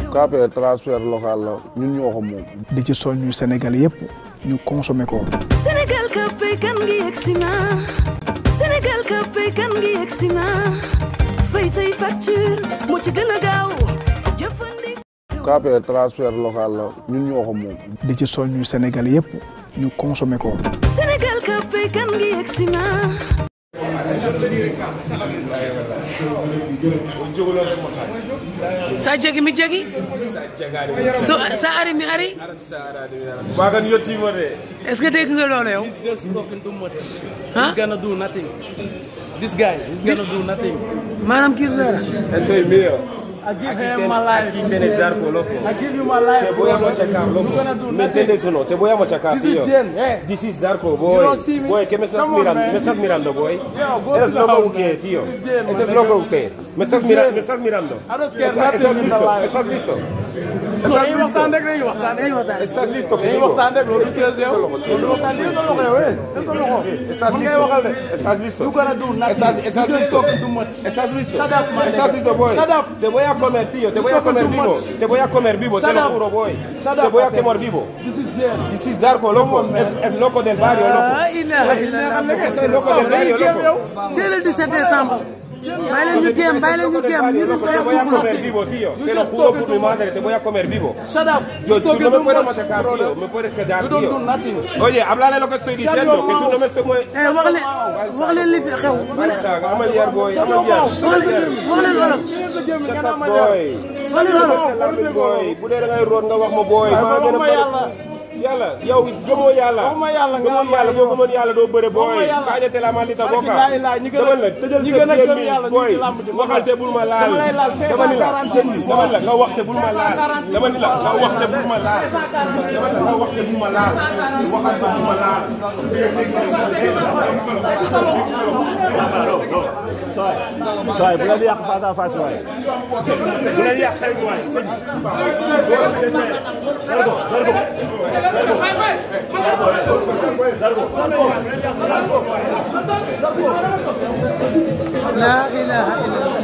ñëwal kër local la ñun ñoo moom. di ci soññu Sénégal yëpp ñu consommé ko. Sénégal kër fay kan gi yegg la ñun ñoo ko di ci soññu Sénégal yëpp ñu consommé ko. sa jegi mi jegi so sa ari mi ari wagan yettimode est-ce que dégg nga loolu yow he's do nothing this guy is gonna do nothing maanaam kii dara I give him my life. I give you my life. Teboya Machakar, loco. You're gonna do nothing. Me entiendes o no? Teboya Machakar, tío. Eh. This is Zarco, boy. You don't see me? Boy, ¿qué me estás mirando? ¿Me estás mirando, boy? Yo, go ¿Eres loco o qué, tío? ¿Eres loco o qué? ¿Me estás mirando? ¿Me estás mirando? I don't care nothing in the life. ¿Estás listo? dañuy waxtaan rek dañuy waxtaan rek. dañuy waxtaan rek loolu ci la sew. loolu waxtaan rek sa loxo yow eh. sa loxo mën ngay waxal de. du gën a dugg naaj bi du gën toog du mot. sadap maa ngi lay def sadap. te booy a comer tío te booy a comer bibo te booy a comer bibo te lo juro booy. te booy a comer bibo. disi zarko loco es loco del barrio loco. ah il a il a xam ne que c'est loco del barrio loco. c'est le 17 décembre. Bàyyi leen ñu géem bàyyi leen ñu géem ñu dul koy comer vivo, tío. Te lo juro por te voy a comer vivo. Shut up. Yo, tú no me puedes machacar, tío. Me puedes quedar, tío. Oye, háblale lo que estoy diciendo, que boy, Bu dee ngay root nga wax ma boy. Ma gën a yàlla yow gëmoo yàlla gëmoo yàlla boo gëmoon yàlla doo bëre booy kaajate la ma li ta bokka demal la tëjal sa gémmi booy waxal te bul ma laal dama ni la dama ni la nga wax te bul ma laal dama ni la nga wax te bul ma laal dama ni la nga wax te bul ma laal waxal te bul ma laal soy bu leen yàq face à face waay bu leen yàq xarit waay sëñ laa ilaaha illallaah.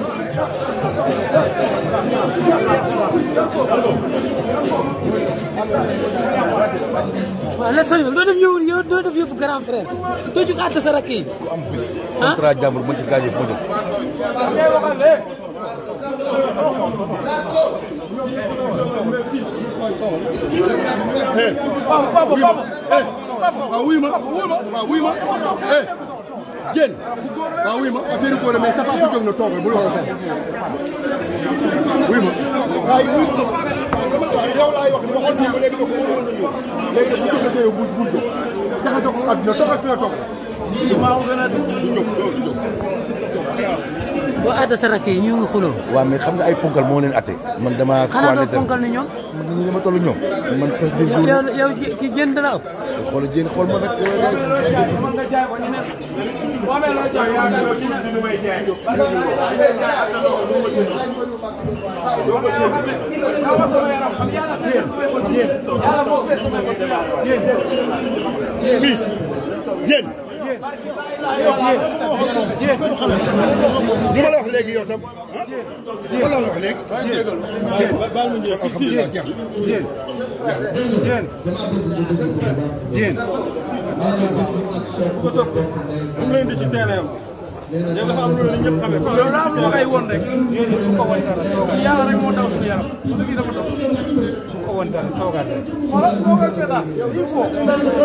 waaw la sëñ bi loo def yow yow doo def yëfu grand frère doo jóg àtte sa rakk yi. ku am bis. ah contrat jàmbur ma gis gaañee foo jëm. papa papa papa waaw wuy ma waaw wuy ma eh Diène waaw wuy ma affaire góor mais sa papa jóg na toogal bul wax sax wuy ma waaw wuy ma yow laay wax waxoon naa ko léegi dafa wóor na ñëw léegi dafa jóg tey bul jóg jaxasoo ko àdduna toogal fi nga toog. lii maa ko gën ñaar yi ñu ngi xuloo. waaw mais xam nga ay ponkal moo leen atte. man damaa. xanaa doo ponkal ni ñoom. ma toll ñoom. man pes bi. jën dana ëpp. léegi yow tam ah lan la wax léegi. alhamdulilah jeex na ñoom dafa am lu ne ñëpp xamee. loolu daal moo rek. yéen daw suñu yaram. bu dee dafa doon. bu ko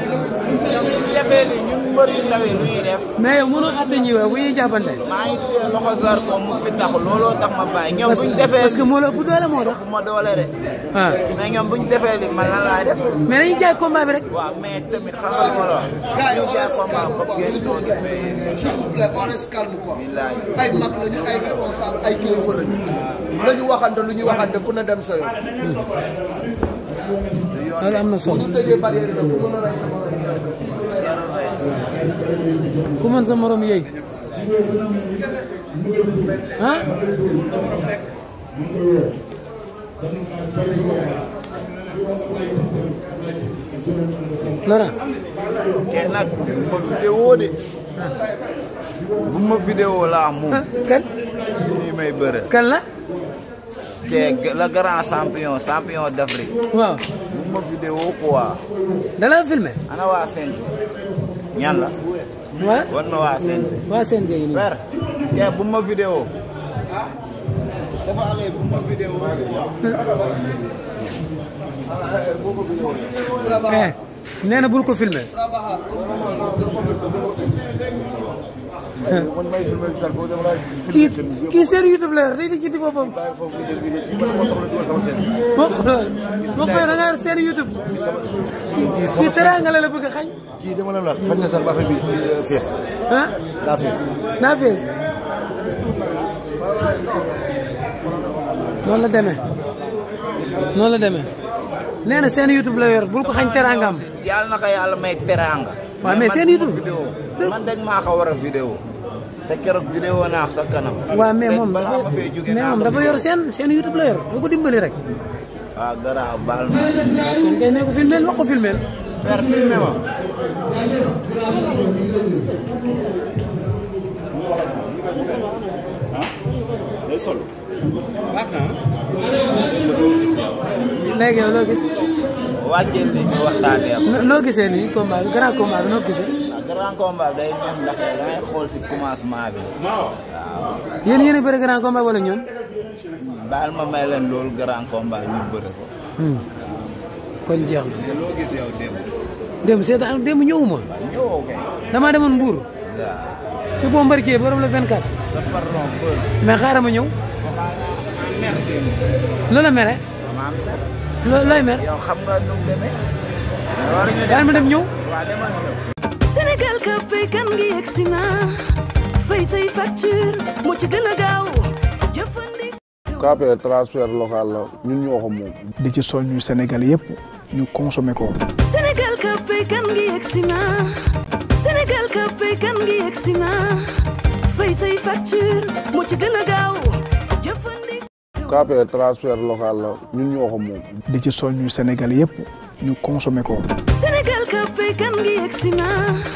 mbër yu ndaw yi lu ñuy def. mais yow mënoo àtte ñi waaw bu ñuy jàppante. maa ngi tuddee loxo Zarko mu fi tax looloo tax ma bàyyi. ñoom bu ñu defee parce que moo la bu doole moo tax. ma doole de. waaw ah. mais ñoom bu ñu defee li man lan laay def. mais dañuy jaay combat bi rek. waaw mais tamit xam nga lu ma la wax. dañuy jaay combat foofu ngeen ko defee. s'il vous plaît on se calme quoi. ay mag lañu ay responsable ay kilifa lañu. lu ñu waxante lu ñu waxante ku ne dem sa yoon. loolu am na solo bu ñu tëjee barrière yi nag ku mën a rey sama ku mën sa morom yey ah Nara. kenn nag bu ma vidéo de. nii may bëre. kan kee la grand champion champion d'Afrique. waaw bu ma vidéo quoi. da ana waa Sénégal ñan la. waaw war waa CNG waa CNG yi nii. père kay bu ma vidéo. nee na bul ko filmé. kii kii seen YouTube la yor day di ci boppam. bokk lool bokk nga yor seen YouTube. kii teraanga la la bëgg a euh, fees. ah la demee noonu la demee nee seen YouTube la yor bul ko xañ teraangaam. yàlla na ko yàlla ma teraanga. waaw mais seen YouTube vidéo man dañ maa ko war a vidéo te keroog vidéo naa sa moom dafa moom dafa yor seen seen la yor boo ko dimbali rek. waaw ah, garaaw baal na. kon kay filmeel wax ko filmeel. père filmé ma. wàcceel li noo gisee nii combat bi grand combat bi ah, ñoom. Hmm, baal ma may leen loolu grand combat ñu bëri ko. Hmm. kon jeex na. mais seetaan ah, démb ñëwuma. Ah, ñëwoo kay. damaa demoon Mbour. waaw. ci Bombardier borom la 24. sa pardon mais xaaral ma mere. loo looy mer. yow xam ma dem ñëw. Sénégal ka fay kan ngi yegg na fay say facture moo ci gën gaaw jëfandikoo. KPR transfert local la ñun ñoo ko di ci soññu Sénégal yëpp ñu consomé ko. Sénégal ka fay kan ngi yegg Sénégal ka fay kan ngi yegg fay say facture moo ci gën gaaw. KPR transfert local la ñun ñoo ko moom. di ci soññu Sénégal yëpp ñu consomé ko. Sénégal ka fay kan gi yegsi na.